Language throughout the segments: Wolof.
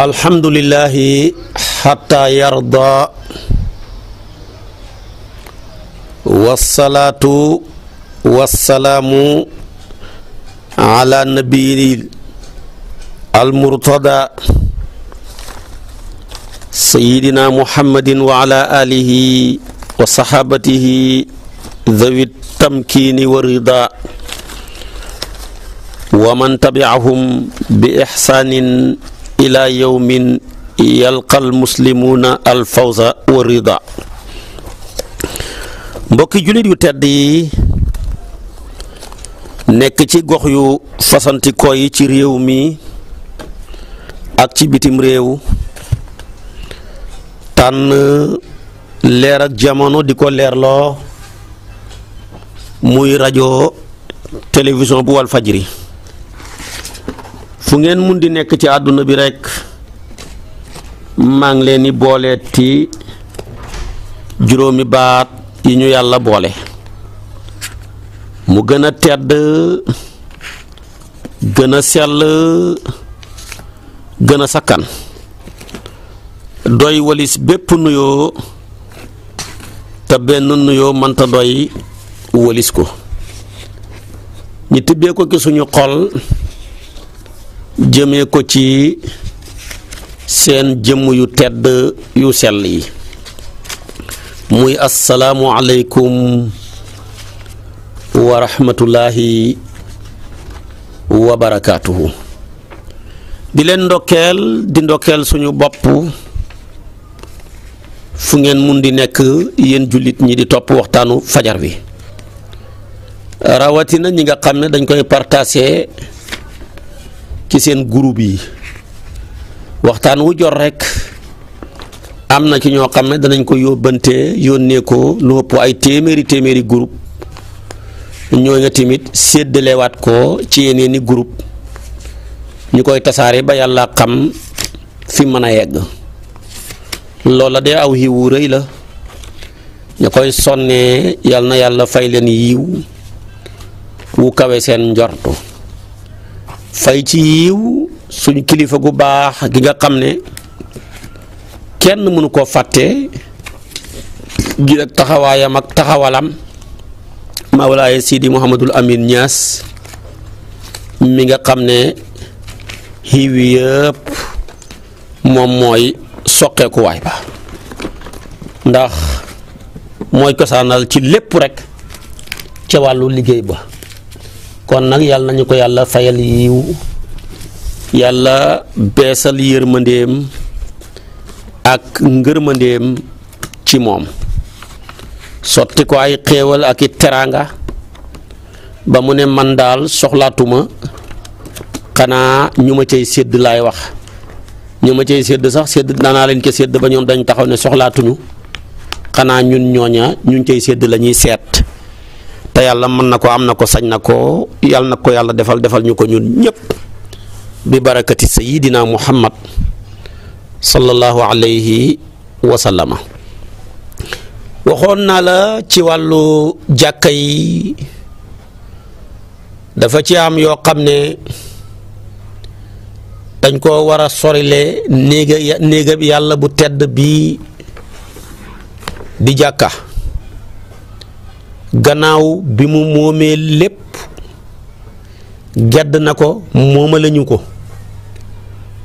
alhamdulillahi xataa yarda wasalaatu wasalaamu ala nabiyi almurtada sayidina muhammadin wa ala alihi wa saxaabatihi dhawi tamkiini wa rida wa man tabiahum bi ixsaanin ila yawmin yalqal muslimuuna al fawza wa rida mbokki jullit yu tedd yi nekk ci gox yu fasantikoo yi ci réew mi ak ci bitim réew tànn leer ak jamono di ko leerloo muy rajo télévision bu Walfajri fu ngeen mun di nekk ci àdduna bi rekk maa ngi leen di booleeti juróomi baat yi ñu yàlla boole mu gën a tedd gën a sell gën a sakkan doy walis bépp nuyoo te benn nuyoo mënta doy walis ko ñu tibbee ko ci suñu xol jëme ko ci seen jëmm yu tedd yu sell yi muy assalaamu aleykum wa rahmatullahi wa barakaatuhu di leen ndokkeel di ndokkeel suñu bopp fu ngeen mun di nekk yéen jullit ñi di topp waxtaanu fajar bi rawatina ñi nga xam ne dañ koy partagé ci seen groupe yi waxtaan wu jot rek am na ci ñoo xam ne danañ ko yóbbante yónnee ko lu ëpp ay téeméeri téeméeri groupe ñoo nga tamit séddalewaat ko ci yeneen i groupe ñu koy tasaare ba yàlla xam fi mën a yegg loola de aw wu rëy la ñu koy sonnee yal na yàlla fay leen yiw wu kawe seen njortu fay ci yiw suñu kilifa gu baax gi nga xam ne kenn mënu koo fàtte gi ak taxawaayam ak taxawalam Mawlaaye Sidi Mouhamadul Amin ñaas mi nga xam ne xiiw yëpp moom mooy soqeekuwaay ba ndax mooy cosaanal ci lépp rekk ca wàllu liggéey ba kon nag yàlla nañu ko yàlla fayal yiw yàlla beesal yërmandeem ak ngërmandeem ci moom sotti ko ay xéewal ak i teraanga ba mu ne man daal soxlaatuma xanaa ñu ma cay sedd laay wax ñu ma cay sedd sax sedd danaa leen ko sedd ba ñoom dañ taxaw ne soxlaatuñu xanaa ñun ñooña ñun cay sedd lañuy seet te yàlla mën na ko am na ko sañ na ko yàlla na ko yàlla defal defal ñu ko ñun ñépp bi barakati sayidina muhammad sallallahu alayhi wa sallama waxoon naa la ci wàllu jàkka yi dafa ci am yoo xam ne dañ koo war a sorile néega néega yàlla bu tedd bi di jàkka gannaaw bi mu moomee lépp gedd na ko moomalañu ko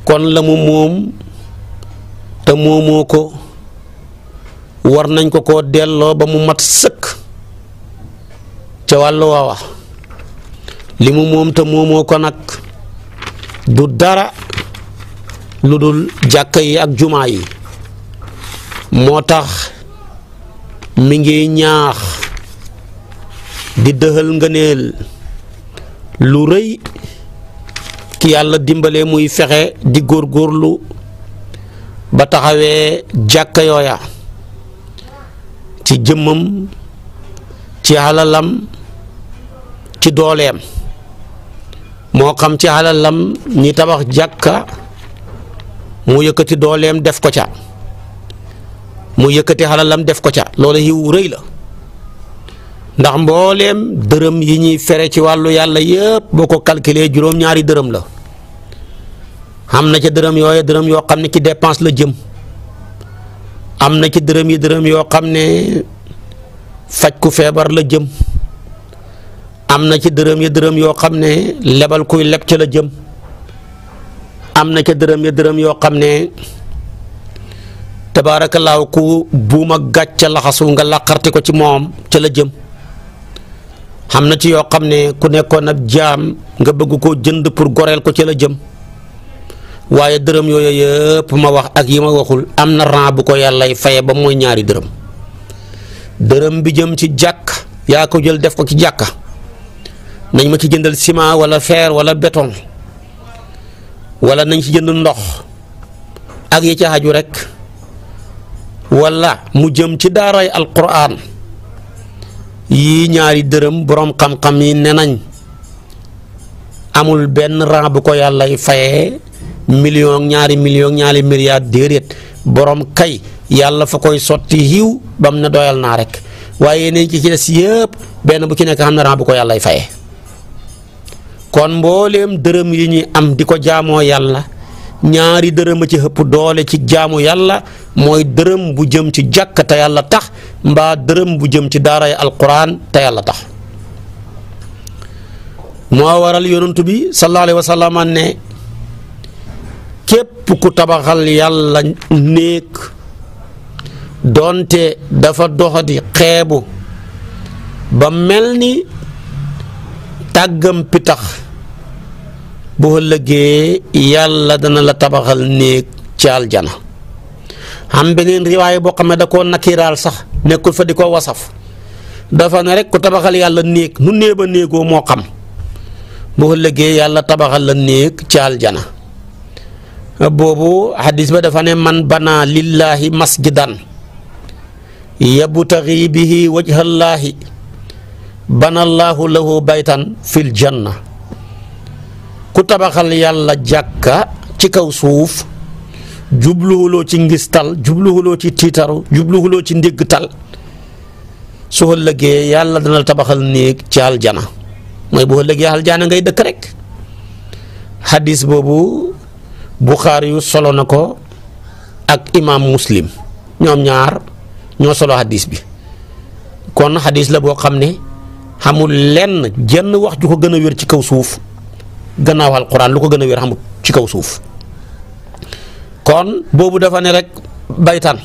kon la mu moom te moomoo ko war nañ ko ko delloo ba mu mat sëkk ca wàllu waawa li mu moom te moomoo ko nag du dara lu dul jàkka yi ak jumaa yi moo tax mu ngi ñaax di dëxal ngëneel lu rëy ki yàlla dimbale muy fexe di góor góorlu ba taxawee jàkka yooya ci jëmmam ci alalam ci dooleem moo xam ci alalam ñi tabax jàkka mu yëkkati dooleem def ko ca mu yëkkati alalam def ko ca loolu yiw rëy la ndax mbooleem dërëm yi ñuy fere ci wàllu yàlla yëpp boo ko calculer juróom-ñaari dërëm la am na ci dërëm yooyu dërëm yoo xam ne ci dépense la jëm am na ci dërëm yi dërëm yoo xam ne faj ku feebar la jëm am na ci dërëm yi dërëm yoo xam ne lebal kuy leb ca jëm am na ca dërëm yi dërëm yoo xam ne tabaarakallaahu ku buuma gàcc laxasu nga làqarti ko ci moom ca la jëm xam na ci yoo xam ne ku nekkoon ab jaam nga bëgg ko jënd pour goreel ko ci la jëm waaye dërëm yooyu yëpp ma wax ak yi ma waxul am na ran bu ko yàllay faye ba mooy ñaari dërëm dërëm bi jëm ci jàkk yaa ko jël def ko ci jàkka nañ ma ci jëndal ciment wala fer wala béton wala nañ ci jënd ndox ak yi ca xaju rek wala mu jëm ci daaray alquran yii ñaari dërëm boroom xam-xam yi ne nañ amul benn rang bu ko yàllay fayee million ñaari million ñaari milliard déedéet boroom kay yàlla fa koy sotti yiw ba mu ne doyal naa rek waaye yeneen ci ci des yëpp benn bu ci nekk xam ne rang bu ko yàllay fayee kon mbooleem dërëm yi ñuy am di ko jaamoo yàlla ñaari dërëm a ci ëpp doole ci jaamu yàlla mooy dërëm bu jëm ci jàkka te yàlla tax mbaa dërëm bu jëm ci daaray alquran te yàlla tax moo waral yonent bi sallallahu alayhi képp ku tabaxal yàlla néeg doonte dafa doxati xeebu ba mel ni tàggam pitax bu ëllëgee yàlla dana la tabaxal néeg ci aljana am beneen riwaay boo xam ne da koo nakiraal sax nekkul fa di ko wasaf dafa ne rek ku tabaxal yàlla néeg nu néeg néegoo moo xam boo ëllëgee yàlla tabaxal la néeg ci aljana boobu xadis ba dafa ne man bana lillaahi masjidan yabtagi bihi wajhallaahi banallaahu lahu baytan fil janna ku tabaxal yàlla jàkka ci kaw suuf jubluwuloo ci ngistal jubluwuloo ci tiitaru jubluwuloo ci ndégg tal su ëllëgee yàlla dana tabaxal néeg ci aljana mooy bu ëllëgee aljana ngay dëkk rek xadis boobu buxaari yu solo na ko ak imaam muslim ñoom ñaar ñoo solo xadis bi kon xadis la boo xam ne xamul lenn jenn wax ju ko gën a wér ci kaw suuf gannaaw alquran lu ko gën a wér xamut ci kaw suuf kon boobu dafa ne rek baytan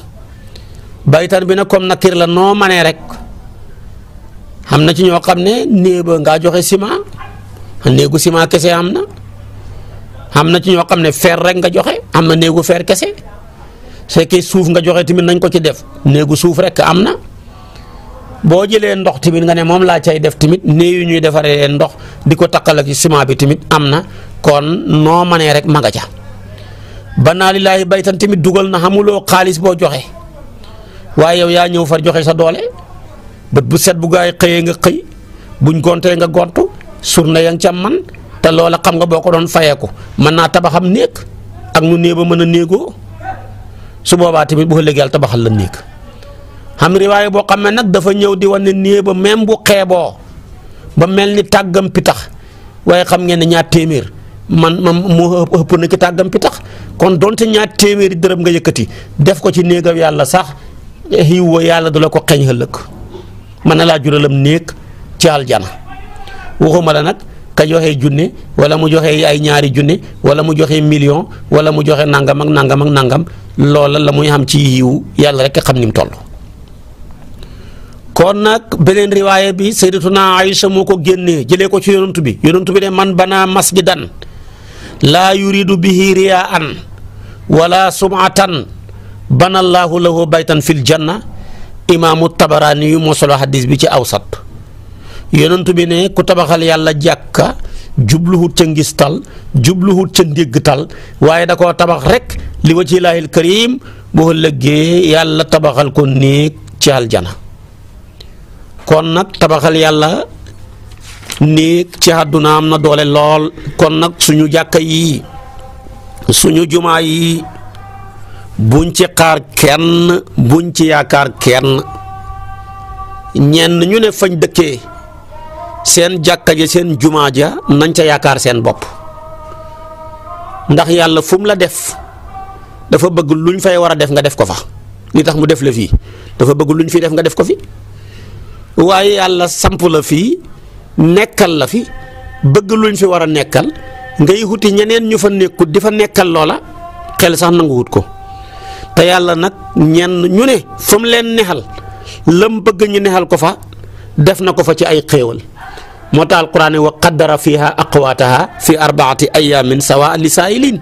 baytan bi nag comme nakir la noo manee rek xam na ci ñoo xam ne néeba ngaa joxe ciment néegu ciment kese am na am na ci ñoo xam ne fer rek nga joxe am na néegu feer kese c'est suuf nga joxe tamit nañ ko ci def néegu suuf rek am na boo jëlee ndox tamit nga ne moom laa cay def tamit nii yu ñuy defaree ndox di ko takkal ak ciment bi tamit am na kon noo manee rek ma nga ca banaa lillaahi baytan tamit dugal na xamuloo xaalis boo joxe waaye yow yaa ñëw fa joxe sa doole bët bu set bu gaay xëyee nga xëy buñ gontee nga gontu surna ya nga ca man te loola xam nga boo ko doon fayee ko mën naa tabaxam néeg ak nu néeg ba mën a néegoo su boobaa tamit bu ëllëgee yàlla tabaxal la néeg xam riwaaya boo xam ne nag dafa ñëw di wane ne ba même bu xeeboo ba mel ni tàggam pitax waaye xam ngeen ne ñaar téeméer man man moo ëpp na ci tàggam pitax kon donte ñaar téeméeri dërëm nga yëkkati def ko ci néegam yàlla sax xiw wa yàlla du la ko xeeñ ëllëg mën na laa juralam néeg ci aljana waxuma la nag ka joxe junne wala mu joxe ay ñaari junne wala mu joxe million wala mu joxe nangam ak nangam ak nangam loola la muy am ci yiw yàlla rek xam ni mu toll. kon nag beneen riwaaya bi sayyidatuna Aïcha moo ko génnee jëlee ko ci yonantu bi yonantu bi ne man banaa masjidan laa yuridu bihi riyaan wala sumatan banallaahu lahu baytan fil janna imaamu tabaraani yu moo solo bi ci awsat yonantu bi ne ku tabaxal yàlla jàkka jubluhut ca ngistal jubluhut ca ndéggtal waaye da koo tabax rek li wajhillahil karim boo lëggee yàlla tabaxal ko néeg ci aljana kon nag tabaxal yàlla néeg ci àdduna am na doole lool kon nag suñu jàkka yi suñu jumaa yi buñ ci xaar kenn buñ ci yaakaar kenn ñenn ñu ne fañ dëkkee seen jàkka ja seen jumaa ja nañ ca yaakaar seen bopp ndax yàlla fum la def dafa bëgg luñ fay war a def nga def ko fa li tax mu def la fii dafa bëgg luñ fi def nga def ko fi waaye yàlla samp la fii nekkal la fi bëgg luñ fi war a nekkal ngay wuti ñeneen ñu fa nekkut di fa nekkal loola xel sax nangu wut ko te yàlla nag ñenn ñu ne fa mu leen nexal lam bëgg ñu nexal ko fa def na ko fa ci ay xéewal moo tax alquraan wa qaddara fii aqwaataha fi arbaati ayaamin sawa li saa'ilin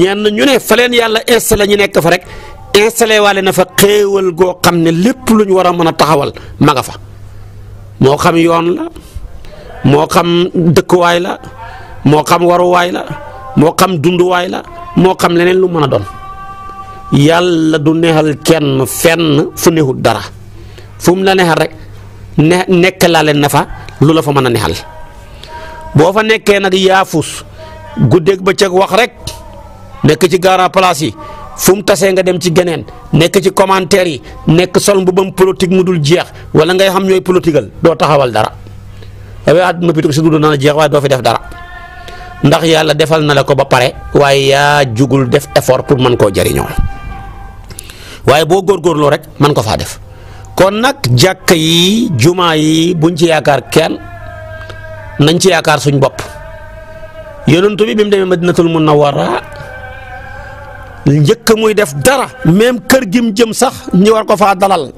ñenn ñu ne fa leen yàlla installé ñu nekk fa rek installé waale na fa xéewal goo xam ne lépp lu ñu war a mën a taxawal maga fa moo xam yoon la moo xam dëkkuwaay la moo xam waruwaay la moo xam dunduwaay la moo xam leneen lu mën a doon yàlla du neexal kenn fenn fu neexul dara fu la neexal rek ne nekk laa leen na fa lu la fa mën a neexal boo fa nekkee nag yaafus ba bëccëg wax rek nekk ci gaara place yi. fu mu tasee nga dem ci geneen nekk ci commentaire yi nekk sol mbubam politique mu dul jeex wala ngay xam ñooy politigal doo taxawal dara eh waaye àdduna bi si dund na jeex waaye doo fi def dara ndax yàlla defal na la ko ba pare waaye yaa jugul def effort pour mën koo jëriñoo waaye boo góor góorgóorloo rek mën ko faa def kon nag jàkk yi jumaa yi buñ ci yaakaar kenn nañ ci yaakaar suñ bopp yonent bi bi mu demee madinatul munawwara njëkk muy def dara même kër gim jëm sax ñu war ko faa dalal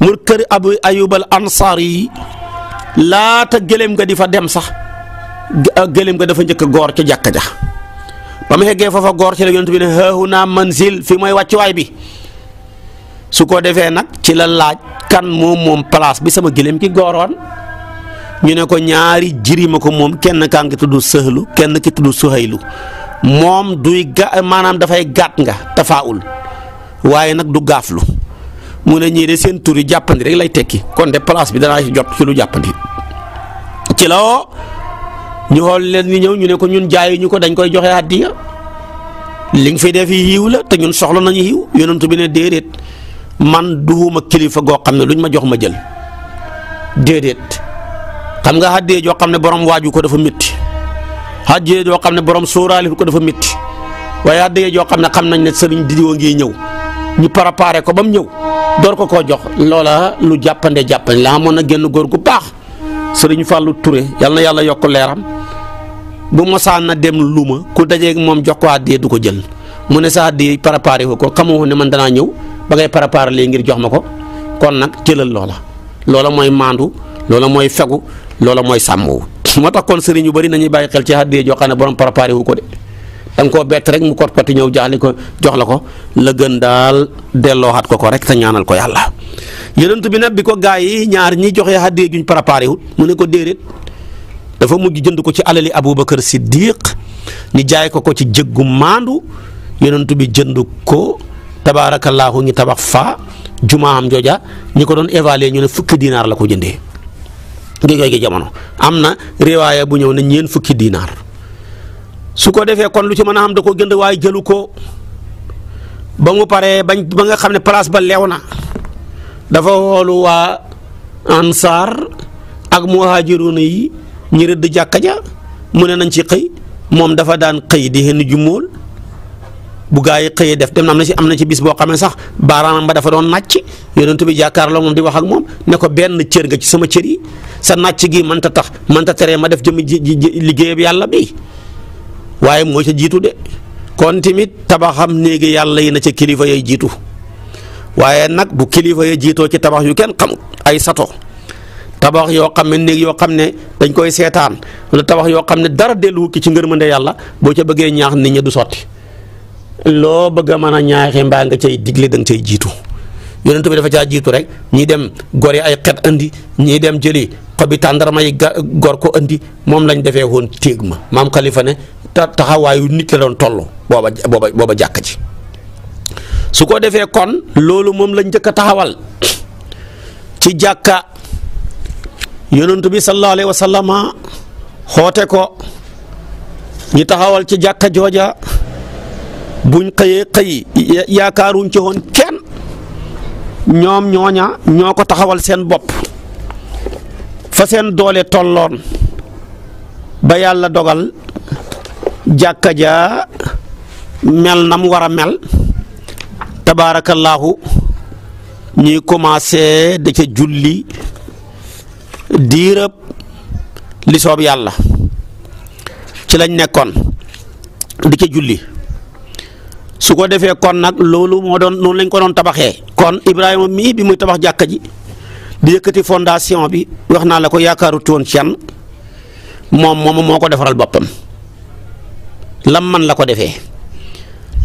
mu kër abu ayubal ansaar yi laata gëléem nga di fa dem sax ah, gëléem nga dafa njëkk goor ci jàkka ja ba mu xeggee foofa goor ci la yonent bi ne haahunaa manzil fi mooy wàccuwaay bi su ko defee nag ci la laaj kan moom moom place bi sama gëléem ki gooroon ñu ne ko ñaari jirima ko moom kenn kaa ngi tudd sëhlu kenn ki tudd suhaylu moom duy ga maanaam dafay gàtt nga tafaawul waaye nag du gaaflu mu ne ñii de seen tur yi jàppandi rek lay tekki kon de place bi danaa jot ci lu jàppandi ci la ñu xool leen ñu ñëw ñu ne ko ñun jaayu ñu ko dañ koy joxe àddiya li nga fi def yi yiw la te ñun soxla nañu yiw yonentu bi ne déedéet man duuma kilifa goo xam ne luñ ma jox ma jël déedéet xam nga àddiya joo xam ne borom waaju ko dafa métti xaj yoo xam ne borom sóoraale ko dafa métti waaye xaj yee yoo xam ne xam nañ ne sëriñ diwa ngi ñëw ñu préparé ko ba mu ñëw door ko koo jox loola lu jàppande jàppande la amoon na génn góor gu baax sëriñ Fallou ture yal na yàlla yokk leeram bu mosaan na dem luuma ku dajeeg moom jox ko àddee du ko jël mu ne sa àddee préparé ko ko xamoo ne man danaa ñëw ba ngay préparé lee ngir jox ma ko kon nag jëlal loola loola mooy maandu loola mooy fegu loola mooy sàmm sàmmoo moo tax kon sëriñ yu bëri nañuy bàyyi xel ci àddee joo xam ne borom préparé wu ko de da koo bett rek mu kot koti ñëw jaali ko jox la ko la gën daal dellooxaat ko ko rek te ñaanal ko yàlla yonent bi nag bi ko gaa yi ñaar ñi joxe àddee juñ préparé wut mu ne ko déedéet dafa mujj jënd ko ci alali Aboubacar Siddiq ñu jaay ko ko ci jëggu maandu yonent bi jënd ko tabaarakallaahu ñu tabax fa jumaam jooja ñi ko doon évaluer ñu ne fukki dinaar la ko jëndee. gi géej gi jamono am na riwaaya bu ñëw nañ ñeen fukki diinaar su ko defee kon lu ci mën a am da ko gënd waaye jëlu ko ba mu paree bañ ba nga xam ne place ba leew na dafa woolu waa ansaar ak muhaajiruuna yi ñi rëdd jàkka ja mu ne nañ ci xëy moom dafa daan xëy di henn jumóol bu gaa yi xëyee def dem na am na ci am na ci bis boo xam ne sax baaraamam ba dafa doon nàcc yonent bi jàkkaarloo moom di wax ak moom ne ko benn cër nga ci sama cër yi sa nàcc gi mënta tax mënta teree ma def jëmi liggéeyam yàlla bi waaye mooy ca jiitu de kon tamit tabaxam néegi yàlla yi na ca kilifa yay jiitu waaye nag bu kilifa yee jiitoo ci tabax yu kenn xam ay sato tabax yoo xam ne néeg yoo xam ne dañ koy seetaan wala tabax yoo xam ne dara delluwu ki ci ngërmande yàlla boo ca bëggee ñaax nit ñi du sotti loo bëgg a mën a ñaaxe mbaa nga cey digle danga nga jiitu yonent bi dafa caa jiitu rek ñii dem yi ay xet andi ñii dem jëli xobi tàndarma yi ga gor ko andi moom lañ defee woon téeg ma maam xalifa ne taxawaayu nit la doon toll booba booba booba jàkk ci su ko defee kon loolu moom lañ njëkk a taxawal ci jàkka yonent bi sallallahu alayhi xoote ko taxawal ci jàkka jooja buñ xëyee xëy yaakaaruñ ci woon kenn ñoom ñooña ñoo ko taxawal seen bopp fa seen doole tolloon ba yàlla dogal jàkka ja mel nam war a mel tabaarakallaahu ñuy commencé da ca julli diirëb li soob yàlla ci lañ nekkoon di ca julli su ko defee kon nag loolu moo doon noonu lañ ko doon tabaxee kon Ibrahima mii bi muy tabax jàkka ji di yëkkati fondation bi wax naa la ko yaakaarut woon ci moom moom moo ko defaral boppam lam man la ko defee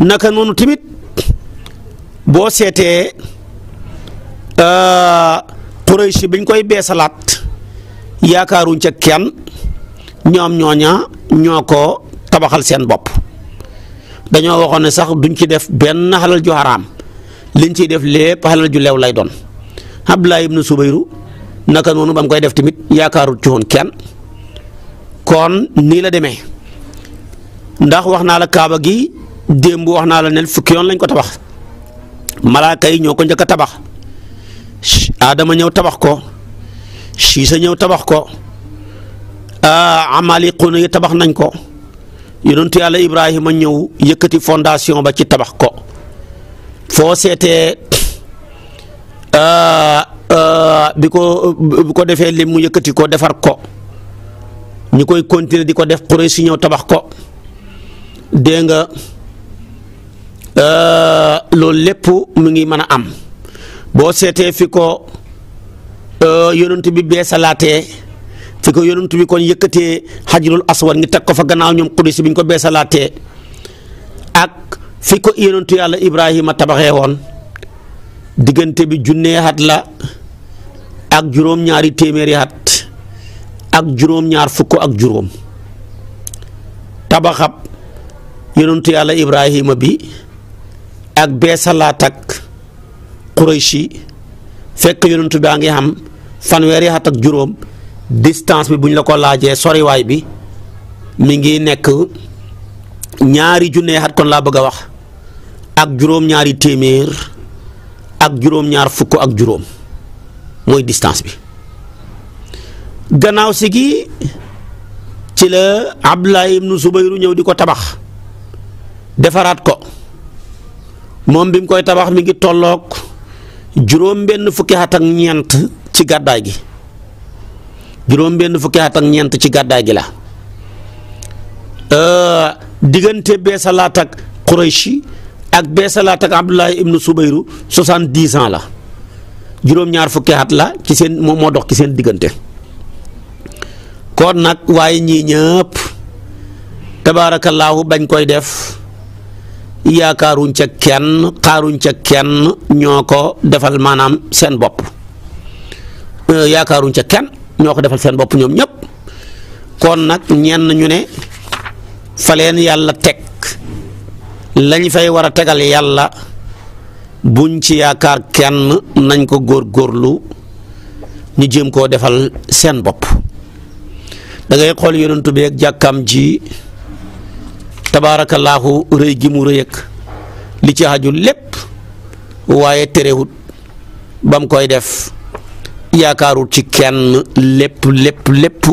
naka noonu tamit boo seetee euh, Quraysh biñ koy bee salaat yaakaaruñ ca kenn ñoom ñooña ñoo ko tabaxal seen bopp. dañoo waxoon ne sax duñ ci def benn xalal ju xaraam liñ ciy def lépp xalal ju leew lay doon Abdullah ibnu Subayru naka noonu ba koy def tamit yaakaarut ci woon kenn kon nii la demee ndax wax naa la kaaba gi démb wax naa la ne fukki yoon lañ ko tabax malaakay yi ñoo ko njëkk tabax tabax Adama ñëw tabax ko Siisa ñëw tabax ko ah, amaliquuna yi tabax nañ ko. yonentu yàlla Ibrahima ñëw yëkkati fondation ba ci tabax ko foo seetee euh, euh, bi ko bi ko defee li mu yëkkati ko defar ko ñu koy continuer di ko def si ñëw tabax ko dégg nga euh, loolu lépp mu ngi mën a am boo seetee fi ko yonent bi salaatee fi ko yonent bi kon yëkkatee xajrul aswad ngi teg ko fa gannaaw ñoom Qudus bi ñu ko beesalaatee ak fi ko yonentu yàlla Ibrahima tabaxee woon diggante bi junnee at la ak juróom-ñaari ak juróom-ñaar fukk ak juróom tabaxab yonentu yàlla Ibrahima bi ak beesalaat ak Qurayshi fekk yonentu baa ngi xam fanweeri at ak juróom. distance bi bu ñu la ko laajee soriwaay bi mi ngi nekk ñaari junne at kon laa bëgg a wax ak juróom-ñaari téeméer ak juróom-ñaar fukk ak juróom mooy distance bi gannaaw si gi ci la Abdullah suba Zubayru ñëw di ko tabax defaraat ko moom bi mu koy tabax mi ngi tolloog juróom benn fukki at ak ñeent ci gàddaay gi juróom benn fukki at ak ñeent ci gàddaay gi la euh, diggante beesalaat ak Qurayshi ak beesalaat ak Abdullahi ibnu Subayru soixante-dix la juróom-ñaar fukki la ci seen moom moo dox ci seen diggante kon nag waaye ñii ñëpp tabaarakallaahu bañ koy def yaakaaruñ ca kenn xaaruñ ca kenn ñoo ko defal maanaam seen bopp euh, yaakaaruñ ca kenn ñoo ko defal seen bopp ñoom ñëpp kon nag ñenn ñu ne fa leen yàlla teg lañ fay war a tegal yàlla buñ ci yaakaar kenn nañ ko góor góorlu ñu jéem koo defal seen bopp dangay xool yonentu bi jàkkam ji tabaarakallaahu rëy gi mu rëy li ci haju lépp waaye terewut ba mu koy def yaakaarul ci kenn lépp lépp lépp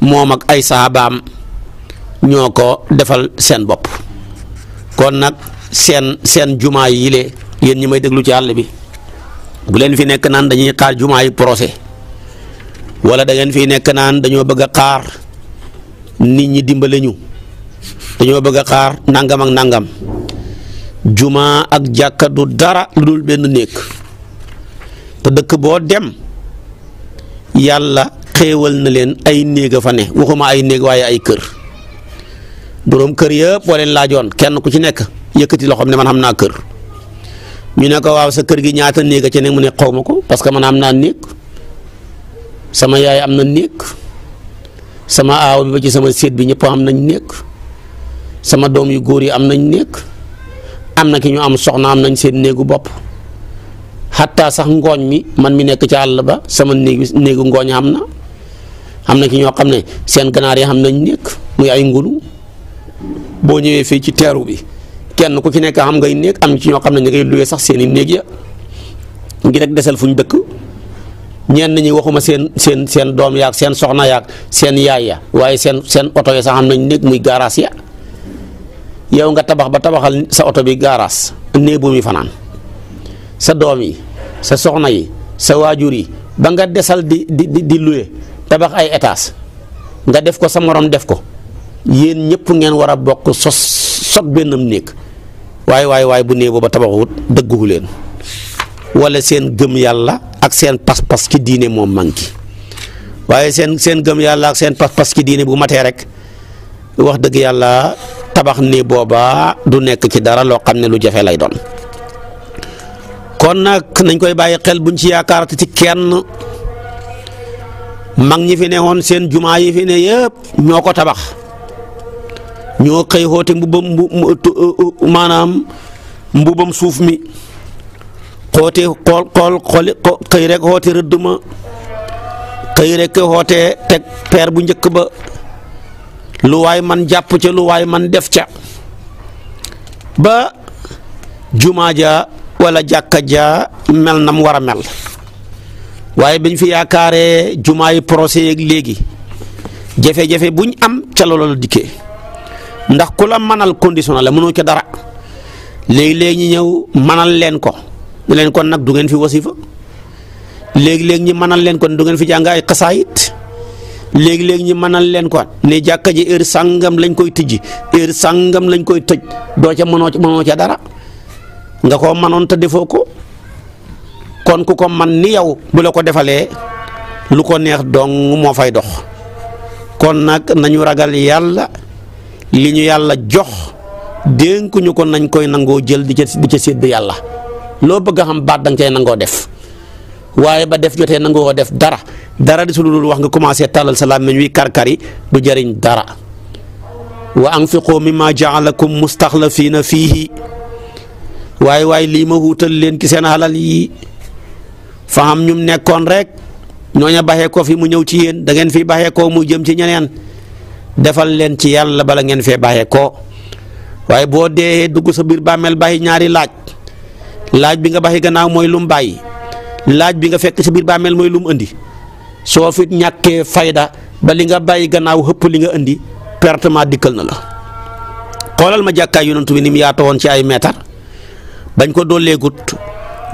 moom ak ay saabaam ñoo ko defal seen bopp kon nag seen seen jumaa yi le yéen ñi may déglu ci àll bi bu leen fi nekk naan dañuy xaar jumaa yi procès wala da fi nekk naan dañoo bëgg a xaar nit ñi dimbale ñu dañoo bëgg xaar nangam ak nangam jumaa ak jàkka dara lu dul benn néeg te dëkk boo dem yàlla xéewal na leen ay néeg a fa ne waxuma ay néeg waaye ay kër boroom kër yëpp boo leen laajoon kenn ku ci nekk yëkkati loxoom ne man am naa kër ñu ne ko waaw sa kër gi ñaata néeg a ci ne mu ne xaw ma ko parce que man am naa néeg sama yaay am na néeg sama aaw bi ba ci sama séet bi ñëpp am nañ néeg sama doom yu góor yi am nañ néeg am na ki ñu am soxna am nañ seen néegu bopp. xattaa sax ngooñ mi man mi nekk ci àll ba sama néegu néegu ngooñ am na am na ci ñoo xam ne seen ganaar yi xam nañ nekk muy ay ngulu boo ñëwee fii ci teeru bi kenn ku ci nekk am ngay néeg am ci ñoo xam ne ñu ngay luwee néeg ya ngir rek desal ñu waxuma seen seen seen doom yaag seen soxna yaag seen yaay ya waaye seen seen oto ya sax am nañ néeg muy gaaraas ya yow nga tabax ba tabaxal sa oto bi gaaraas néeg bu muy fanaan sa doom yi sa soxna yi sa waajur yi ba nga desal di di di luye tabax ay étage nga def ko sa morom def ko yéen ñëpp ngeen war a bokk sos sot bennam néeg waaye waaye waaye bu néeg booba tabaxuwut dëggu leen wala seen gëm yàlla ak seen pas-pas ki diine moom manqué waaye seen seen gëm yàlla seen pas-pas ki diine bu matee rek wax dëgg yàlla tabax ni booba du nekk ci dara loo xam ne lu jafe lay doon kon nag nañ koy bàyyi xel buñ ci yaakaarati ci kenn mag ñi fi ne woon seen jumaa yi fi ne yëpp ñoo ko tabax ñoo xëy xoote mbubam maanaam mbubam suuf mi xoote xool xool xooli xëy rek xoote rëdd ma xëy rek xoote teg peer bu njëkk ba lu waay man jàpp ca lu waay man def ca ba jumaa ja wala jàkka ja mel nam war a mel waaye biñ fi yaakaaree jumaa yi procès yeeg léegi jafe-jafe buñ am ca loolu la dikkee ndax ku la manal conditionnel la mënoo ca dara léegi-léegi ñu ñëw manal leen ko ñu leen kon nag du fi wasifa léegi-léegi ñi manal leen kon du fi jàng ay léegi-léegi ñi manal leen ko ne jàkka ji heure sangam lañ koy tijji heure sàngam lañ koy tëj doo ca mënoo mënoo ca dara nga koo manoon te defoo ko kon ku ko man ni yow bu la ko defalee lu ko neex dong moo fay dox kon nag nañu ragal yàlla li ñu yàlla jox dénkuñu ko nañ koy nangoo jël di ca di ca sédd yàlla loo bëgg a xam baat dang cay nangoo def waaye ba def jotee nangoo def dara dara di su lu wax nga commencé tàllal sa làmmiñ wi karkari du jariñ dara wa anfiqu mimma jaalakum mustaxlafiina fiihi waaye waaye lii ma wuutal leen ki seen alal yi fa ñum nekkoon rek ñooña baxe ko fi mu ñëw ci yéen dangeen ngeen fi baxee ko mu jëm ci ñeneen defal leen ci yàlla bala ngeen fee baxee ko waaye boo dee dugg sa biir bàmmeel baxi ñaari laaj laaj bi nga baxi gannaaw mooy lum bàyyi laaj bi nga fekk sa biir bàmmeel mooy lum indi soo fit ñàkkee fayda ba li nga bàyyi gannaaw xëpp li nga indi pertement dikkal na la xoolal ma jàkkaay yonantu bi ni mu yaatoo ci ay meetar bañ ko dolleegut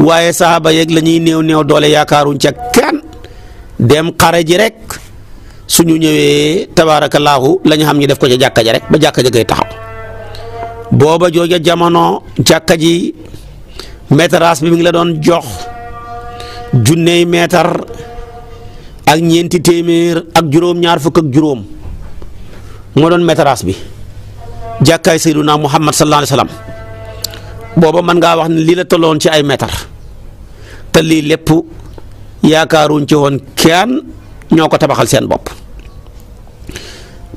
waaye saxaaba yeeg la ñuy néew néew doole yaakaaruñ ca kenn dem xare ji rek suñu ñëwee tabaarakallaahu la ñu xam ñu def ko ca jàkka ja rek ba jàkka ja koy taxaw booba jooja jamono jàkka ji métarage bi mi ngi la doon jox junney meetar ak ñeenti téeméer ak juróom-ñaar fukk ak juróom moo doon métarage bi jàkkaay sayyiduna Muhammad sallallahu alayhi wa sallam booba mën ngaa wax ne lii la tolloon ci ay meetar te lii lépp yaakaaruñ ci woon kenn ñoo ko tabaxal seen bopp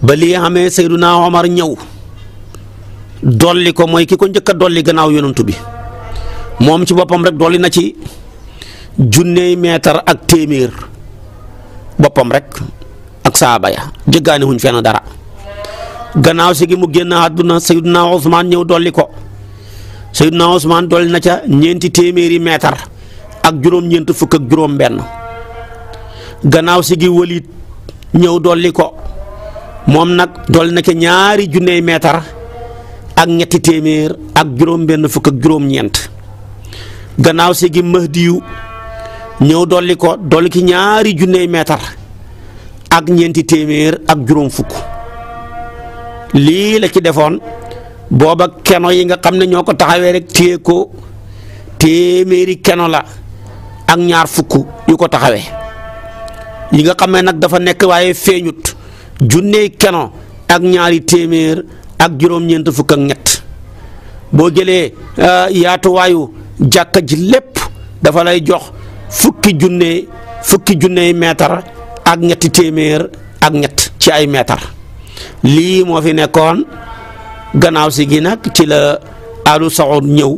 ba lii xamee Seydunaa Omar ñëw dolli ko mooy ki ko njëkk a dolli gannaaw yonantu bi moom ci boppam rek dolli na ci junneey meetar ak téeméer boppam rekk ak saaba ya jëggaani wuñ fenn dara gannaaw si gi mu génn àdduna naa Usmaan ñëw dolli ko. Seydina Ousmane dolli na ca ñeenti téeméeri meetar ak juróom-ñeent fukk ak juróom-benn gannaaw si gi wëlit ñëw dolli ko moom nag dolli na ca ñaari junney meetar ak ñetti téeméer ak juróom-benn fukk ak juróom-ñeent gannaaw si gi Mahdiyu ñëw dolli ko dolli ki ñaari junney meetar ak ñeenti téeméer ak juróom fukk lii la ci defoon. booba keno yi nga xam ne ñoo ko taxawee rek téye ko téeméeri keno la ak ñaar fukk yu ko taxawee yi nga xam ne nag dafa nekk waaye feeñut junney keno ak ñaari téeméer ak juróom-ñeent fukk ak ñett boo jëlee euh, yaatuwaayu jàkka ji lépp dafa lay jox fukki junne meetar ak ñetti téeméer ak ñett ci ay meetar lii moo fi nekkoon. gannaaw si gi nag ci la alu saxoon ñëw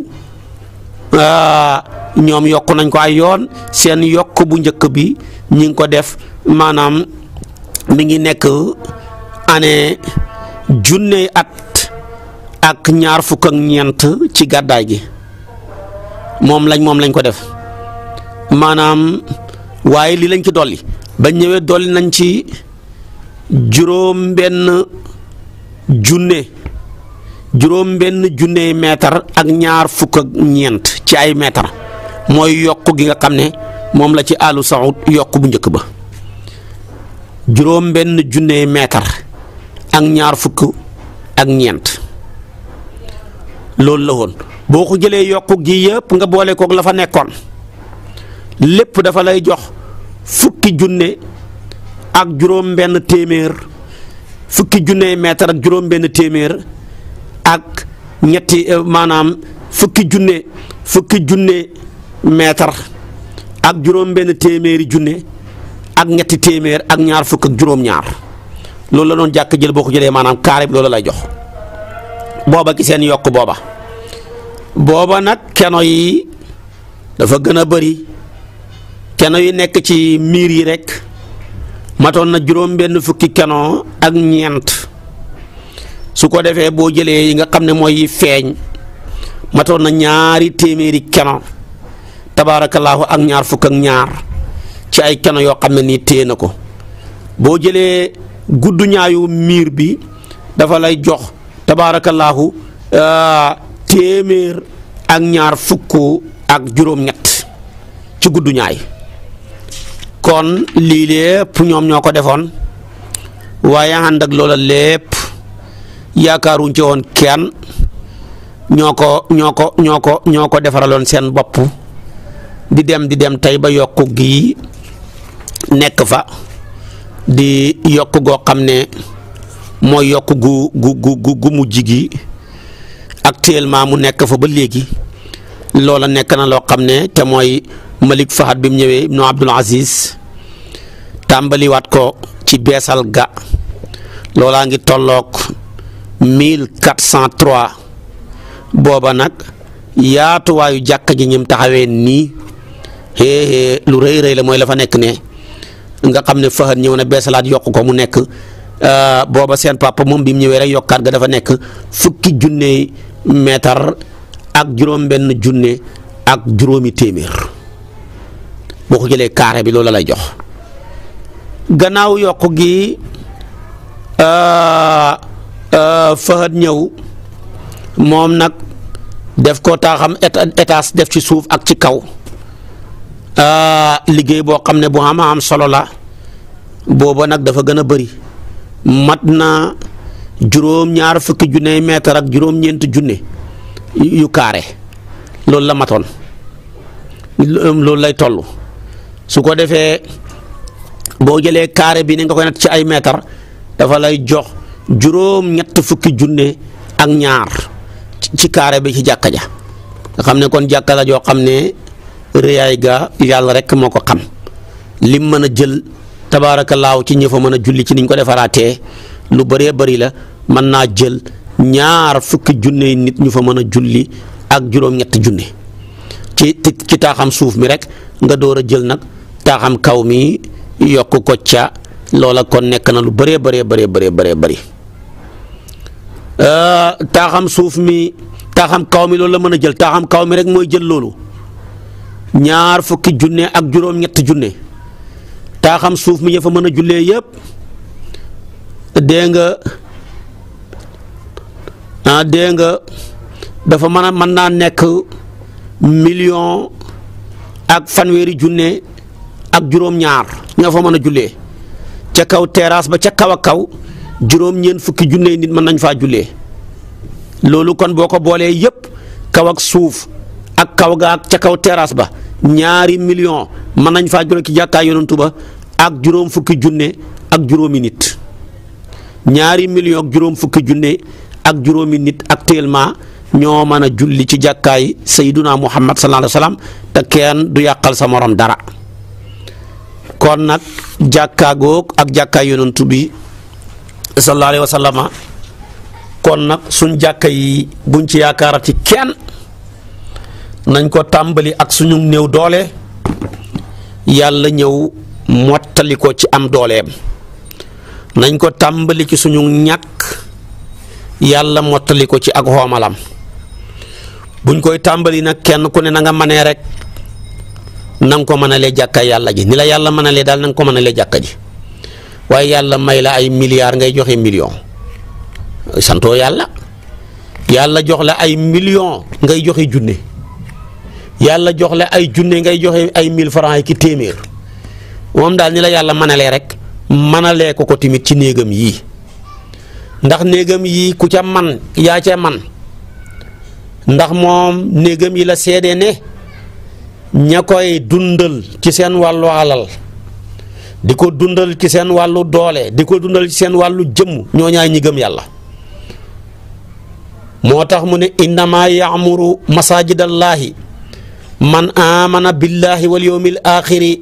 ah, ñoom yokk nañ ko ay yoon seen yokk bu njëkk bi ñi ngi ko def maanaam mu ngi nekk année junne at ak ñaar fukk ñeent ci gàddaay gi moom lañ moom lañ ko def maanaam waaye li lañ ci dolli bañ ñëwee dolli nañ ci juróom benn junne juróom benn junney meetar ak ñaar fukk ak ñeent ci ay meetar mooy yokk gi nga xam ne moom la ci àllu saud yokk bu njëkk ba juróom benn junney meetar ak ñaar fukk ak ñeent loolu la woon boo ko jëlee yokk gi yëpp nga boole kook la fa nekkoon lépp dafa lay jox fukki junne ak juróom benn téeméer fukki junney meetar ak juróom benn téeméer ak ñetti eh, maanaam fukki junne fukki junne mètre ak juróom-benn téeméeri junné ak ñetti téeméer ak ñaar fukk ak juróom-ñaar loolu la doon jàkk jël boo ko jëlee maanaam carré lool loolu lay jox booba gi seen yokk booba booba nag keno yi dafa gën a bëri keno yi nekk ci miir yi rek matoon na juróom-benn fukki keno ak ñeent. su ko defee boo jëlee yi nga xam ne mooy feeñ matoon na ñaari téeméeri keno tabaarakallaahu ak ñaar fukk ak ñaar ci ay keno yoo xam ne ni téye na ko boo jëlee gudd ñaayu miir bi dafa lay jox tabaarakallaahu euh, téeméer ak ñaar fukk ak juróom-ñett ci gudd ñaay kon lii lépp ñoom ñoo ko defoon waaye ànd ak loola lépp. yaakaaruñ ci woon kenn ñoo ko ñoo ko ñoo ko ñoo ko defaraloon seen bopp di dem di dem tey ba yokk gi nekk fa di yokk goo xam ne mooy yokk gu gu gu gu mujj gi actuellement mu nekk fa ba léegi loola nekk na loo xam ne te mooy Malik Fahad bi mu ñëwee ibnu Abdul Aziz tàmbaliwaat ko ci beesal ga loolaa ngi tolloog 1403 booba nag yaatuwaayu jàkka ji ñim taxawee nii xéexée lu rëy rëy la mooy la fa nekk ne nga xam ne fëxat ñëw na beesalaat yokku ko mu nekk ah, booba seen papa moom bi mu ñëwee rek yokkaat ga dafa nekk fukki junne meetar ak juróom benn junne ak juróomi téeméer boo ko jëlee carré bi loolu lay jox gannaaw yokk gi ah, Euh, Fahad ñëw moom nag def ko taaxam étage def ci suuf ak ci kaw euh, liggéey boo xam ne bu am am solo la booba nag dafa gën a bari mat na juróom-ñaar fukki junne mètre ak juróom-ñeent junne yu kaare loolu la matoon loolu lay toll su ko defee boo jëlee kaare bi ni nga koy nat ci ay mètre dafa lay jox. juróom ñett fukki junne ak ñaar ci carré bi ci jàkka ja nga xam ne kon jàkka la joo xam ne rëyaay ga yàlla rek moo ko xam lim mën a jël tabaarakallaahu ci ñu fa mën a julli ci niñ ko defaraatee lu bëree bari la mën naa jël ñaar fukki junne nit ñu fa mën a julli ak juróom-ñetti junne ci ci taaxam suuf mi rek nga door a jël nag taaxam kaw mi yokk ko ca loola kon nekk na lu bëree bëree bëree bëree bëri. Euh, taaxam suuf mi taaxam kaw mi loolu la mën a jël taaxam kaw mi rek mooy jël loolu ñaar fukki junne ak juróom ñetti junne taaxam suuf mi ña fa mën a jullee yëpp dégg nga ah nga dafa mën a mën naa nekk million ak fanweeri junne ak juróom ñaar ña fa mën a jullee ca kaw teraas ba ca kaw a kaw juróom-ñeent fukki junne nit mën nañ faa jullee loolu kon boo ko boolee yëpp kaw ak suuf ak kaw ga ak ca kaw teraas ba ñaari million mën nañ fa jullee ci jàkkaay yonantu ba ak juróom fukki junne ak juróomi nit ñaari million ak juróom fukki junne ak juróomi nit actuellement ñoo mën a julli ci jàkkaay sayyiduna muhammad sallallahu alayhi wa sallam te kenn du yàqal sa morom dara kon nag jàkkaagoo ak jàkkaay yonantu bi sallallahu alayhi kon nag suñ jàkka yi buñ ci yaakaar yaakaarati kenn nañ ko tàmbali ak suñu néew doole yàlla ñëw mottali ko ci am dooleem nañ ko tàmbali ci suñu ñàkk yàlla mottali ko ci ak xoomalam buñ koy tàmbali nag kenn ku ne na nga mënee rek na nga ko mën a lee jàkka yàlla ji ni la yàlla mën a lee daal na ko mën a lee jàkka ji waaye yàlla may la ay milliards ngay joxe million santoo yàlla yàlla jox la ay million ngay joxe junne yàlla jox la ay junne ngay joxe ay mille francs yi ki téeméer moom daal ni la yàlla manalee rek manalee ko ko tamit ci néegam yii ndax néegam yii ku ca man yaa ca man ndax moom néegam yi la seede ne ña koy dundal ci seen wàllu di ko dundal ci seen wàllu doole di ko dundal ci seen wàllu jëmm ñoo ñaay ñi gëm yàlla moo tax mu ne innama yaamuru masajidallaahi man amana billahi wal yawmil axiri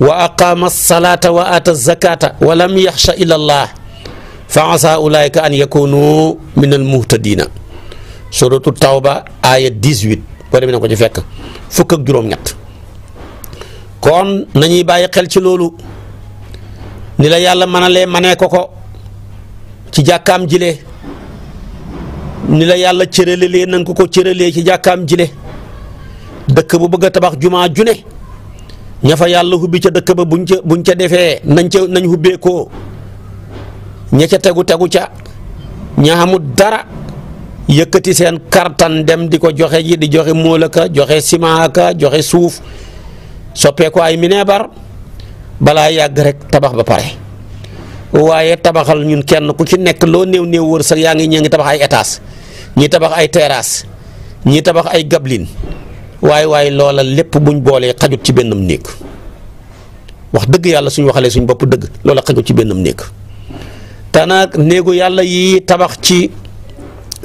wa aqaama alsalata wa aata zakata wa lam yaxsha ila allah fa asa ulaika an yakunu min al muhtadina suratu tawba aya 18 boo demee ko ci fekk fukk juróom-ñett kon nañuy bàyyi xel ci loolu ni la yàlla manalee manee ko ko ci jàkkaam jile ni la yàlla cëralee na nga ko ko cëralee ci jàkkaam jile dëkk bu bëgg a tabax jumaa june ñafa yàlla hubbi ca dëkk ba buñ ca buñ ca defee nañ ca nañ hubbee ko ña ca tegu tegu ca ñaamu dara yëkkati seen kartan dem di ko joxe ji di joxe móol joxe ciment aka joxe suuf soppeeku ay mineebar balaa yàgg rek tabax ba pare waaye tabaxal ñun kenn ku ci nekk loo néew néew sax yaa ngi ñee ngi tabax ay étage ñi tabax ay terrasse ñi tabax ay gablin waaye waaye loola lépp buñ boolee xajut ci bennam néeg wax dëgg yàlla suñ waxalee suñ bopp dëgg loola xajut ci bennam néeg te nag néegu yàlla yi tabax ci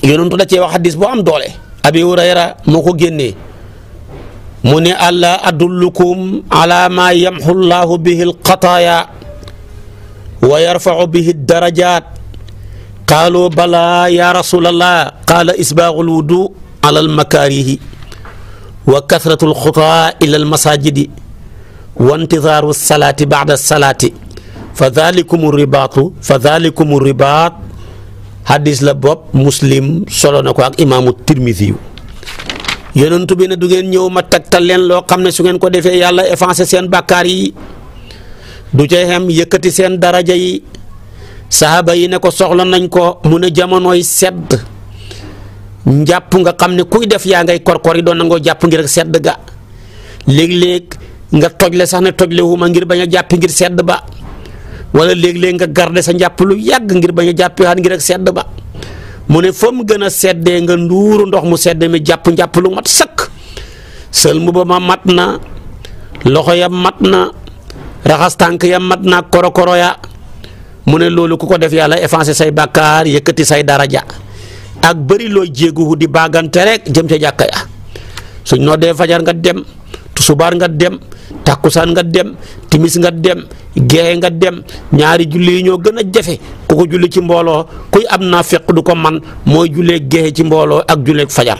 yonentu da cee wax xadis bu am doole abi hurayra moo ko génnee mu ne àlla adullukum ala maa yamxu llahu bihi alxataaya wa yarfacu bihi darajaat qaalu balaa yaa rasulallah qaala isbaaxu lwudu ala almakaarihi wa kasratu alxutaa ila almasajidi wa intizaaru salaati bacda salaati fa dalikum ribaatu fa dalikum ribaat hadis la bopp muslim solo na ko ak imaamu tirmisiyu yonent bi ne du ngeen ñëw ma tegtal leen loo xam ne su ngeen ko defee yàlla effacé seen bakkaar yi du ca xem yëkkati seen daraja yi saxaaba yi ne ko soxla nañ ko mu a jamonooy sedd njàpp nga xam ne kuy def yaa ngay korkor yi doon nangoo jàpp ngir sedd ga léeg-léeg nga tojle sax ne tojle wuma ngir bañ jàpp ngir sedd ba wala léeg-léeg nga garde sa njàpp lu yàgg ngir bañ a jàppi xaat ngir ak sedd ba mu ne fa mu gën a seddee nga nduuru ndox mu sedd mi jàpp njàpp lu mat sëkk sëlmu ba ma mat na loxo ya mat na raxas tànk ya mat na koro koro ya mu ne loolu ku ko def yàlla effacé say bàkkaar yëkkati say daraja ak bëri looy jéegu di baagante rek jëm ca jàkka ya suñ noddee fajar nga dem tusubaar nga dem takkusaan nga dem timis nga dem geewe nga dem ñaari julli yi ñoo gën a jafe ku ko julli ci mbooloo kuy am naa fekk du ko man mooy jullee geewe ci mbooloo ak julleeg fajar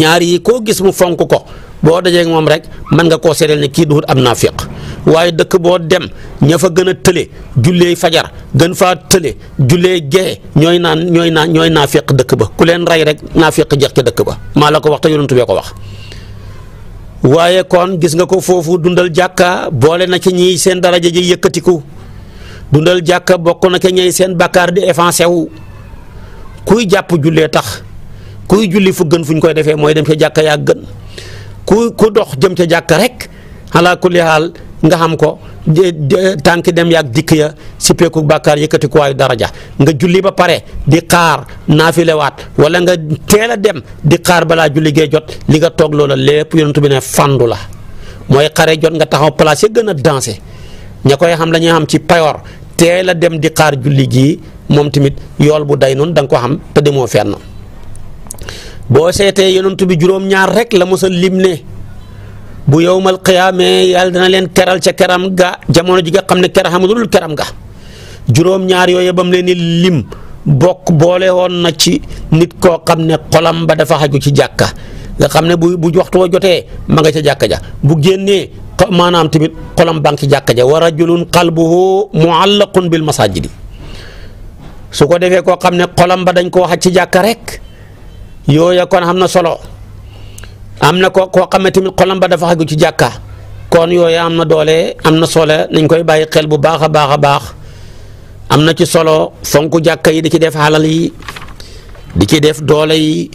ñaari yi koo gis mu fonk ko boo dajee moom rek mën nga koo seedeel ne kii duhut am naa féq waaye dëkk boo dem ña fa gën a tële jullee fajar gën faa tële jullee gee ñooy naan ñooy naan ñooy naa féq dëkk ba ku leen rey rek naa féq jeex ca dëkk ba maa la ko wax te yonent bee ko wax waaye kon gis nga ko foofu dundal jàkka boole na ci ñiy seen daraja ji yëkkatiku dundal jàkka bokk na ci ñey seen bakkaar di effacé wu kuy jàpp jullee tax kuy julli fu gën fu ñu koy defee mooy dem ca jàkka yaa gën ku ku dox jëm ca jàkka rek. ala kulli haal nga xam ko tànki dem yaag dikk ya si peeku bàkkaar yëkkati ko waayu ja nga julli ba pare di xaar naa naafilewaat wala nga teel a dem di xaar balaa julli gee jot li nga toog loola lépp yonent bi ne fandu la mooy xare jot nga taxaw place ya gën a dansé ña koy xam la ñuy xam ci payoor teel a dem di xaar julli gii moom tamit yool bu day noonu da nga ko xam te demoo fenn boo seetee yonent bi juróom-ñaar rek la mos a lim ne bu yowmal qiyaamee yàlla dana leen keral ca keram ga jamono ji nga xam ne ker xamudul keram ga juróom-ñaar yooyu ba mu leen lim bokk boole woon na ci nit koo kam ne xolam ba dafa xaju ci jàkka nga xam ne bu bu waxtu wa jotee ma nga ca jàkka ja bu génnee maanaam tamit xolam baa ngi ci jàkka ja wa rajulun qalbuhu muallaqun bil masajidi su ko defee koo xam ne xolam ba dañ koo xaj ci jàkka rek yooya kon xam na solo. am na ko koo xam ne tamit xolam ba dafa xaju ci jàkka kon yooyu am na doole am na solo nañ koy bàyyi xel bu baax a baax a baax am na ci solo fonk jàkka yi di ci def xalal yi di ci def doole yi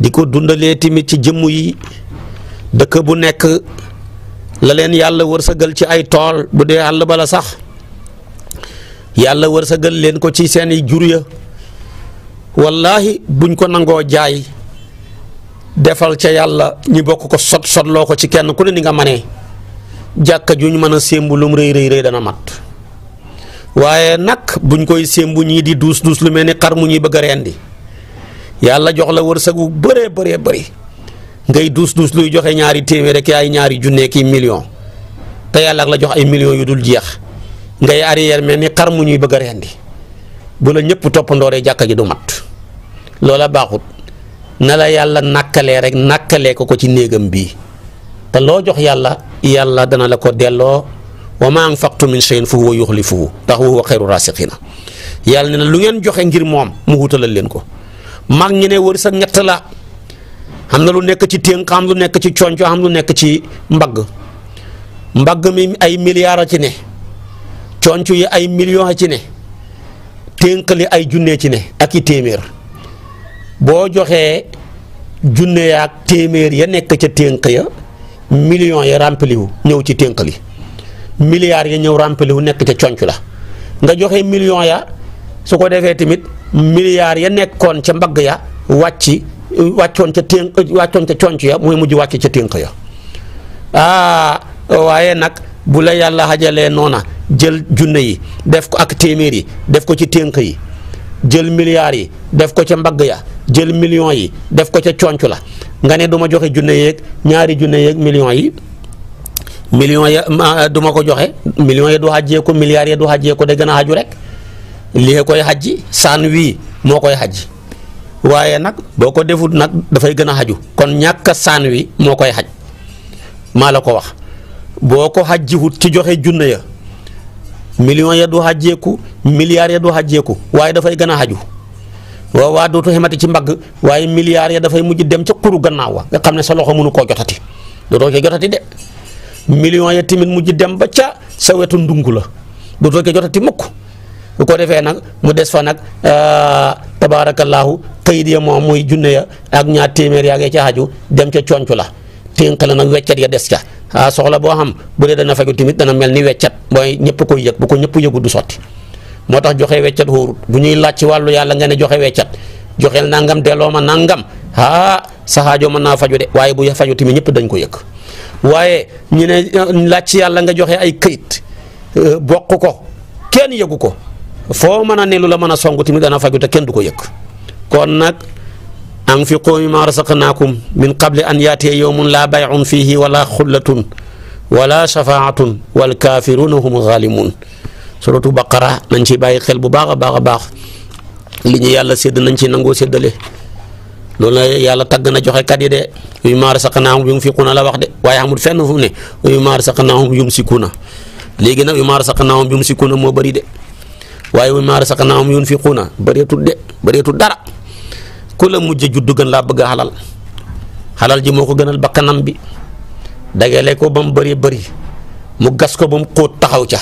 di ko dundalee timit ci jëmm yi dëkk bu nekk la leen yàlla wërsëgal ci ay tool bu dee àll bala sax yàlla sa gël leen ko ci seeni jur ya wallaahi buñ ko nangoo jaay defal ca yàlla ñu bokk ko sot loo ko ci kenn ku ne ni nga manee jàkka ju ñu mën a sémbu lum rëy rëy rëy dana mat waaye nag buñ koy sémbu ñii di duus duus lu mel ni xar mu ñuy bëgg a rendi yàlla jox la wërsëgu bëree bëree bëri ngay duus duus luy joxe ñaari téeméer rek yaay ñaari junne kii million te yàlla ak la jox ay millions yu dul jeex ngay arrière mel ni xar mu ñuy bëgg a rendi bu la ñëpp toppandooree jàkka ji du mat loola baaxut. na la yàlla nàkkalee rek nàkkalee ko ko ci néegam bii te loo jox yàlla yàlla dana la ko delloo wa maa anfaqtum min shay'in fa huwa yuxlifuhu ndax huwa xayru raasiqiina yàlla ne na lu ngeen joxe ngir moom mu wutalal leen ko mag ñi ne wërsëg ñett la xam na lu nekk ci ténk xam lu nekk ci conco xam lu nekk ci mbagg mbagg mi ay milliards a ci ne conco yi ay millions ci ne ténk ay junnee ci ne ak i téeméer boo joxee junne ak téeméer ya nekk ca ténk ya millions ya rempli wu ñëw ci ténk li milliards ya ñëw rempli wu nekk ca conc la nga joxe millions ya su ko defee tamit milliards ya nekkoon ca mbagg ya wàcci wàccoon ca ténk wàccoon ca conc ya mooy mujj wàcc ca ténk ya ah waaye nag bu la yàlla xajalee noona jël junne yi def ko ak téeméer yi def ko ci ténk yi jël milliards yi def ko ca mbagg ya jël millions yi def ko ca conc la nga ne duma joxe junne yeeg ñaari junne yeeg millions yi millions ya duma ko joxe millions ya du xàjjee ko milliards ya du xàjjee ko da gën a xaju rek lii koy xajji saan wii moo koy xajji waaye nag boo ko defut nag dafay gën a xaju kon ñàkk saan wi moo koy xaj maa la ko wax boo ko xajjiwut ci joxe junne ya million ya du xàjjeeku milliards ya du xàjjeeku waaye dafay gën a xaju waaw waa dootu xamati ci mbagg waaye milliards ya dafay mujj dem ca kuru gannaaw wa nga xam ne sa loxo mënu koo jotati dootoo ca jotati de million ya tamit mujj dem ba ca sa wetu ndungu la dootoo ca jotati mukk bu ko defee nag mu des fa nag euh, tabaarakallaahu kayit ya moom muy junne ya ak ñaar téeméer yaa ngi ca xaju dem ca conc la ténk la nag weccet ya des ca. ah soxla boo xam bu dee dana faju tamit dana mel ni weccat mooy ñëpp koy yëg bu ko ñëpp yëgu du sotti moo tax joxe weccat wóorut bu ñuy laaj ci wàllu yàlla nga ne joxe weccat joxeel nangam delloo ma nangam ah sa xaajo mën naa faju de waaye bu faju tamit ñëpp dañ ko yëg waaye ñu ne eh, laaj ci yàlla nga joxe ay këyit eh, bokk ko kenn yëgu ko foo mën a ne lu la mën a song tamit dana faju te kenn du ko yëg kon nag anfiqu mimma razaqnaakum min qabli an yaatiya yawmun laa bay'un fiihi wala xullatun wala shafaatun wal kaafiruuna hum xaalimuun suratu baqara nañ ci bàyyi xel bu baax a baax a baax li ñu yàlla sédd nañ ci nangoo séddale loolu la yàlla tagg na joxe kat yi de mimma razaqnaahum yunfiquuna la wax de waaye amul fenn fu mu ne mimma razaqnaahum yumsikuuna léegi nag mimma razaqnaahum yumsikuuna moo bari de waaye mimma razaqnaahum yunfiquuna bëreetul de bëreetul dara. ku la mujj juddu gën laa bëgg a xalal xalal ji moo ko gënal bakkanam bi dagale ko ba mu bëri bari mu gas ko ba mu xóot taxaw ca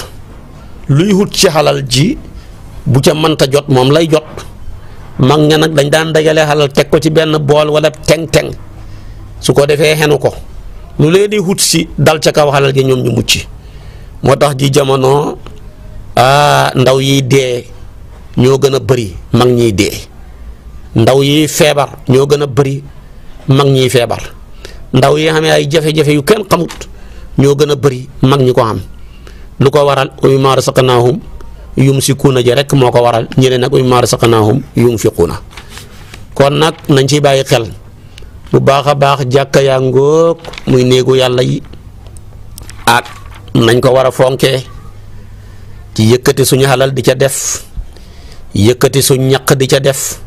luy wut ci xalal ji bu ca mënta jot moom lay jot mag ña nag dañ daan dagale xalal teg ko ci benn bool walla teng-teng su ko defee xenu ko lu leen di wut si dal ca kaw xalal gi ñoom ñu mucc moo tax ji jamono ah ndaw yi dee ñoo gën a bari mag ñiy dee ndaw yi feebar ñoo gën a bëri mag ñiy feebar ndaw yi xamee ay jafe-jafe yu kenn xamut ñoo gën a bëri mag ñi ko xam lu ko waral uy maa rasaqnaahum yumsikuuna ji rek moo ko waral ñeneen nag uy maa rasaqnaahum yunfiquuna kon nag nañ ci bàyyi xel bu baax a baax jàkka yaa muy néegu yàlla yi ak nañ ko war a fonkee ci yëkkati suñu xalal di ca def yëkkati suñ ñaq di ca def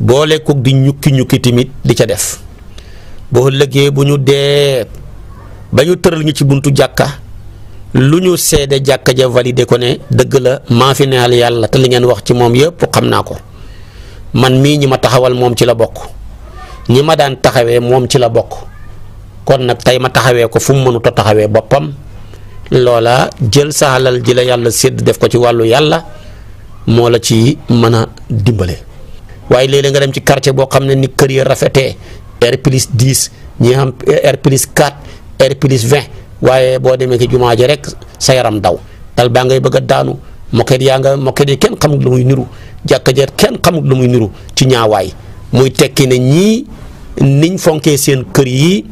boole ko di ñukki ñukki tamit di ca def boo lëggee bu ñu dee ba ñu tëral ñu ci buntu jàkka lu ñu seede jàkka ja validé ko ne dëgg la maa fi neel yàlla te li ngeen wax ci moom yëpp xam naa ko man mii ñi ma taxawal moom ci la bokk ñi ma daan taxawee moom ci la bokk kon nag tey ma taxawee ko fu mu mënut taxawee boppam loola jël saalal alal ji la yàlla sédd def ko ci wàllu yàlla moo la ci mën a dimbale waaye léeg nga dem ci quartier boo xam ne ni kër yi rafetee R plus 10 ñi am R plus 4 R plus 20 waaye boo demee ci jumaa ji rek sa yaram daw dal baa ngay bëgg a daanu moket yaa nga moket yi kenn xamul lu muy niru jàkka jeer kenn xamul lu muy niru ci ñaawaay muy tekki ne ñii niñ fonkee seen kër yi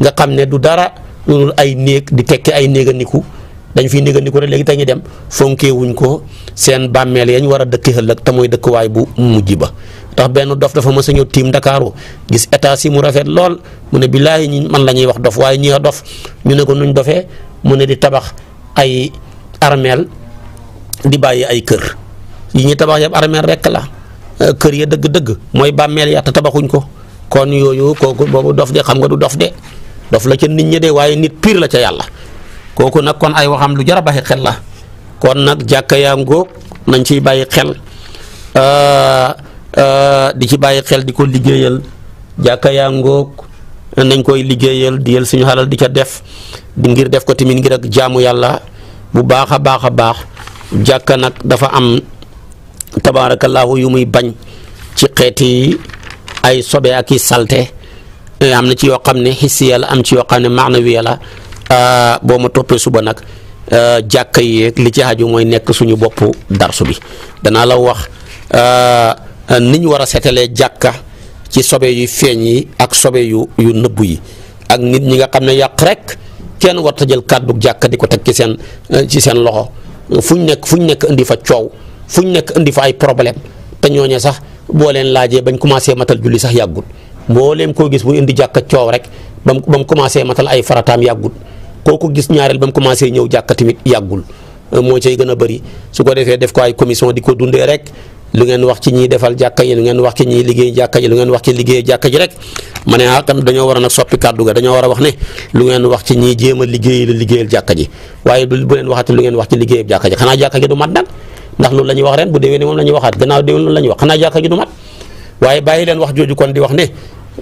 nga xam ne du dara loolu ay néeg di tekki ay néeganiku dañ fiy néeganiku rek léegi te ñu dem fonkee ko seen bàmmeel yañ war a dëkki ëllëg te mooy dëkkuwaay bu mujj ba ndax benn dof dafa mës a ñëw tiim ndakaaru gis état si mu rafet lool mu ne billaahi ñi man la ñuy wax dof waaye ñi a dof ñu ne ko nuñ dofee mu ne di tabax ay armeel di bàyyi ay kër yi ñu tabax yëpp armeel rekk la euh, kër ya dëgg-dëgg mooy bàmmeel ya te tabaxuñ ko kon yooyu kooku boobu dof de xam nga du dof de dof la ca nit ñi de waaye nit piir la ca yàlla kooku nag kon ay waxam lu jar a bàyyi xel la kon nag jàkka yaa ngóog nañ ciy bàyyi xel. Euh, Euh, di ci bàyyi xel di ko liggéeyal jàkka yaa ngoog nañ koy liggéeyal di yël suñu xalal di ca def ngir def ko tamit ngir ak jaamu yàlla bu baax a baax a baax jàkka nag dafa am tabaarakallaahu yu muy bañ ci xeeti ay sobe ak i salte eh, am na ci yoo xam ne xisiya la am ci yoo xam ne maanawiya la euh, boo ma toppee suba nag euh, jàkka yeeg li ci aju mooy nekk suñu bopp darsu bi danaa la wax ni ñu war a setalee jàkka ci sobe yu feeñ yi ak sobe yu yu nëbbu yi ak nit ñi nga xam ne yàq rek kenn war ta jël kàddu jàkka di ko teg ci seen ci seen loxo fu ñu nekk fu ñu nekk indi fa coow fu ñu nekk indi fa ay problème te ñooñe sax boo leen laajee bañ commencé matal julli sax yàggul mbooleem koo gis bu indi jàkka coow rek ba mu ba mu commencé matal ay farataam yàggul ko gis ñaareel ba mu commencé ñëw jàkka tamit yàggul moo cay gën a bëri su ko defee def ko ay commission di ko dundee rek. lu ngeen wax ci ñiy defal jàkka yi lu ngeen wax ci ñiy liggéey jàkka ji lu ngeen wax ci liggéey jàkka ji rek ma ne ah, dañoo war a nag soppi kàddu ga dañoo war a wax ne lu ngeen wax ci ñiy jéem a liggéey la liggéeyal jàkka ji waaye bu leen waxati lu ngeen wax ci liggéeyal jàkka ji xanaa jàkka ji du mat nag ndax loolu la ñuy wax ren bu déwénee moom la ñuy waxaat gannaaw déwén loolu waaye bàyyi leen wax jooju kon di wax ne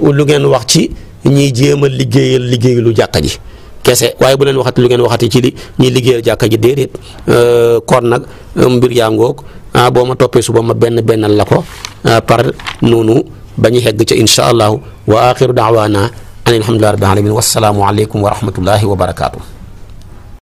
lu ngeen wax ci ñiy jéem a liggéeyal liggéeyalu jàkka ji kese waaye bu leen waxati lu ngeen waxati ci li ñuy liggéeyal jàkka ji déedéet euh, kon nag mbir yaa ngoog ah boo ma toppee suba ma benn bennal la ko ah, par noonu ba ñu xegg ca incha allahu wa axiru daawaana an alhamdulilah rabbil wa wassalaamu aleykum wa rahmatullahi wa barakaatu.